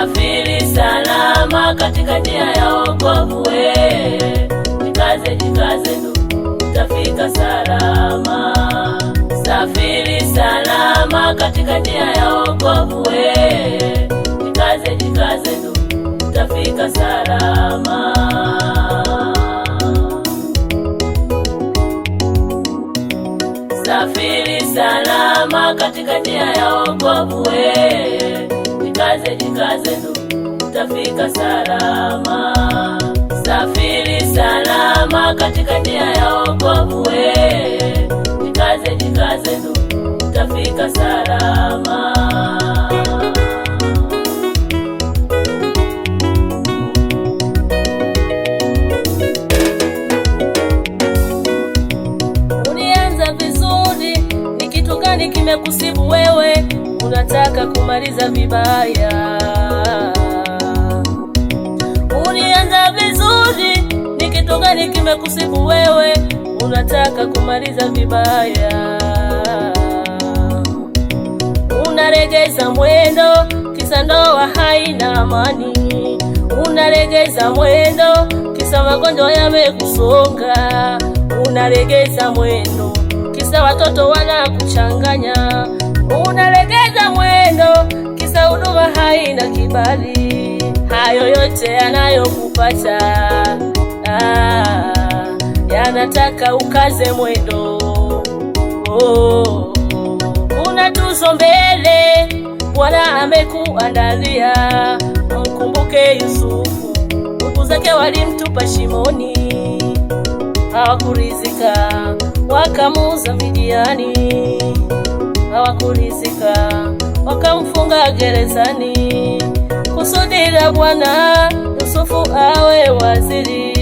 Safiri salama katika njia ya wokovu, we jikaze, jikaze utafika salama. Safiri salama katika njia ya wokovu, we jikaze, jikaze utafika salama. Safiri salama katika njia ya wokovu, we Jikaze, jikaze ndugu, utafika salama. Safiri salama katika njia ya wokovu we. Jikaze, jikaze ndugu, utafika salama. Unianza vizuri, ni kitu gani kimekusi nataka kumaliza vibaya. Ulianza vizuri, ni kitu gani kimekusibu wewe? Unataka kumaliza vibaya. Unaregeza mwendo, kisa ndoa haina amani. Unaregeza mwendo, kisa magonjwa yamekusonga. Unaregeza mwendo, kisa watoto wanakuchanganya. Una huduma haina kibali, hayo yote yanayokupata ah, yanataka ukaze mwendo oh, una tuzo mbele, Bwana amekuandalia. Mkumbuke Yusufu, ndugu zake walimtupa shimoni, hawakurizika wakamuza Midiani, hawakurizika wakamfunga gerezani kusudira Bwana Yusufu awe waziri.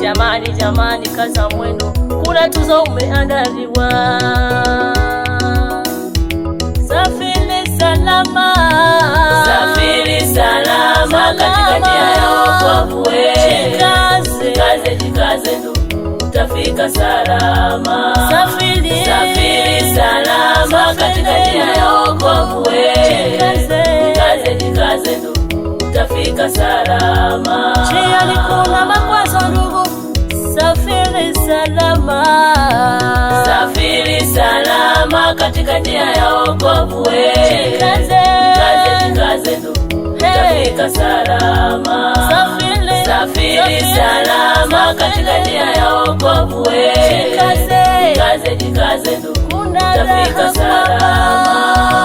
Jamani, jamani, kaza mwendo, kuna tuzo umeandaliwa. Safiri salama, safiri salama, katika njia ya wokovu eh. jikaze, Kaze, kaze, ndugu, utafika salama. Safiri, safiri salama kuna makwazo ndugu, safiri salama, safiri salama katika njia ya wokovu. Jikaze, jikaze ndugu, utafika salama, safiri salama Simama katika njia ya wokovu, jikaze, jikaze, jikaze ndugu, utafika salama.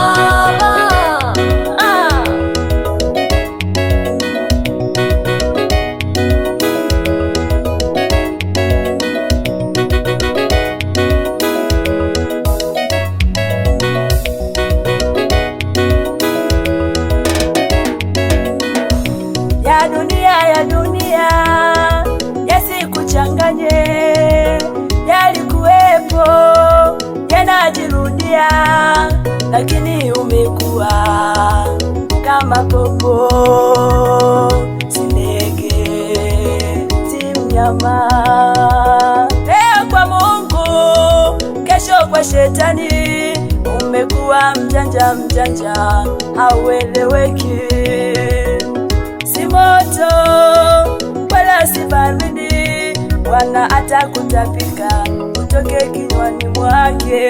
lakini umekuwa kama popo, si ndege, si mnyama. Leo kwa Mungu, kesho kwa shetani. Umekuwa mjanja mjanja, haueleweki, si moto wala si baridi Bwana atakutapika utoke kinywani mwake.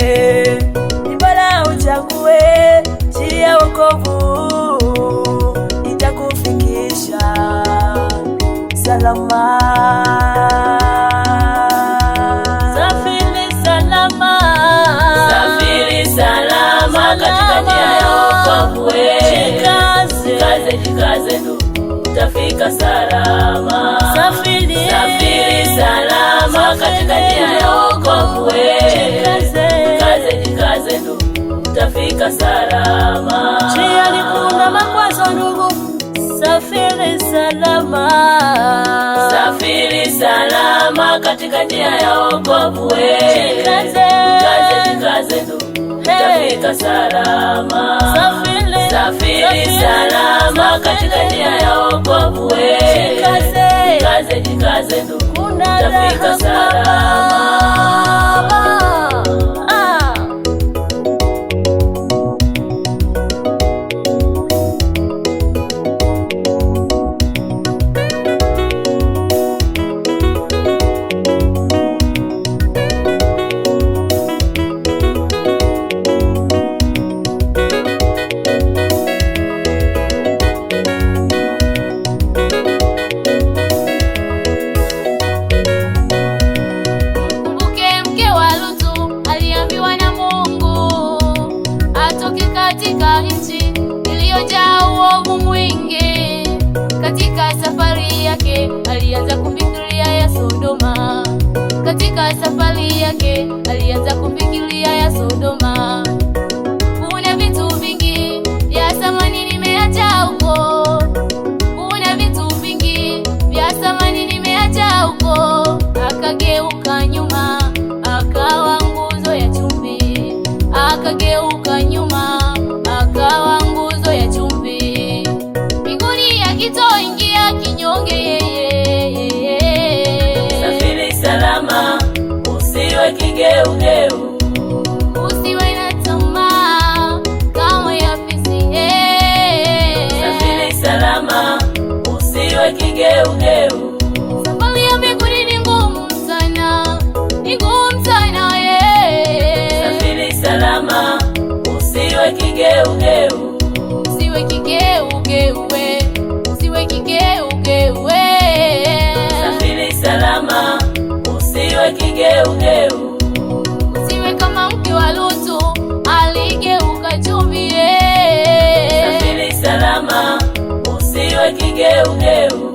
jikaze ndugu, utafika salama. Safiri, safiri salama katika njia ya wokovu. Jikaze, jikaze ndugu, utafika salama. Njia ni kuna makwazo ndugu, safiri salama. Safiri salama katika njia ya wokovu. Jikaze, jikaze ndugu utafika salama, safiri, safiri salama katika njia ya wokovu. Jikaze, jikaze ndugu, utafika salama. yake alianza kumfikiria ya Sodoma. Katika safari yake alianza kumfikiria ya Sodoma. Kuna vitu vingi vya samani nimeacha huko, kuna vitu vingi vya samani nimeacha huko, akageuka nyuma kigeugeu, siwe kigeugeuwe, kigeugeuwe, safiri salama, usiwe kigeugeu, kama kigeugeu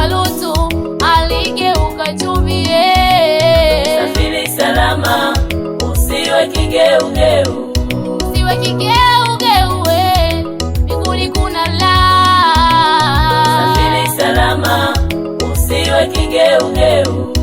kama Lutu aligeuka chumie. Eh. Safiri salama, usiwe kigeugeu, usiwe kigeugeu, eh. mbinguni kuna la. Safiri salama, usiwe kigeugeu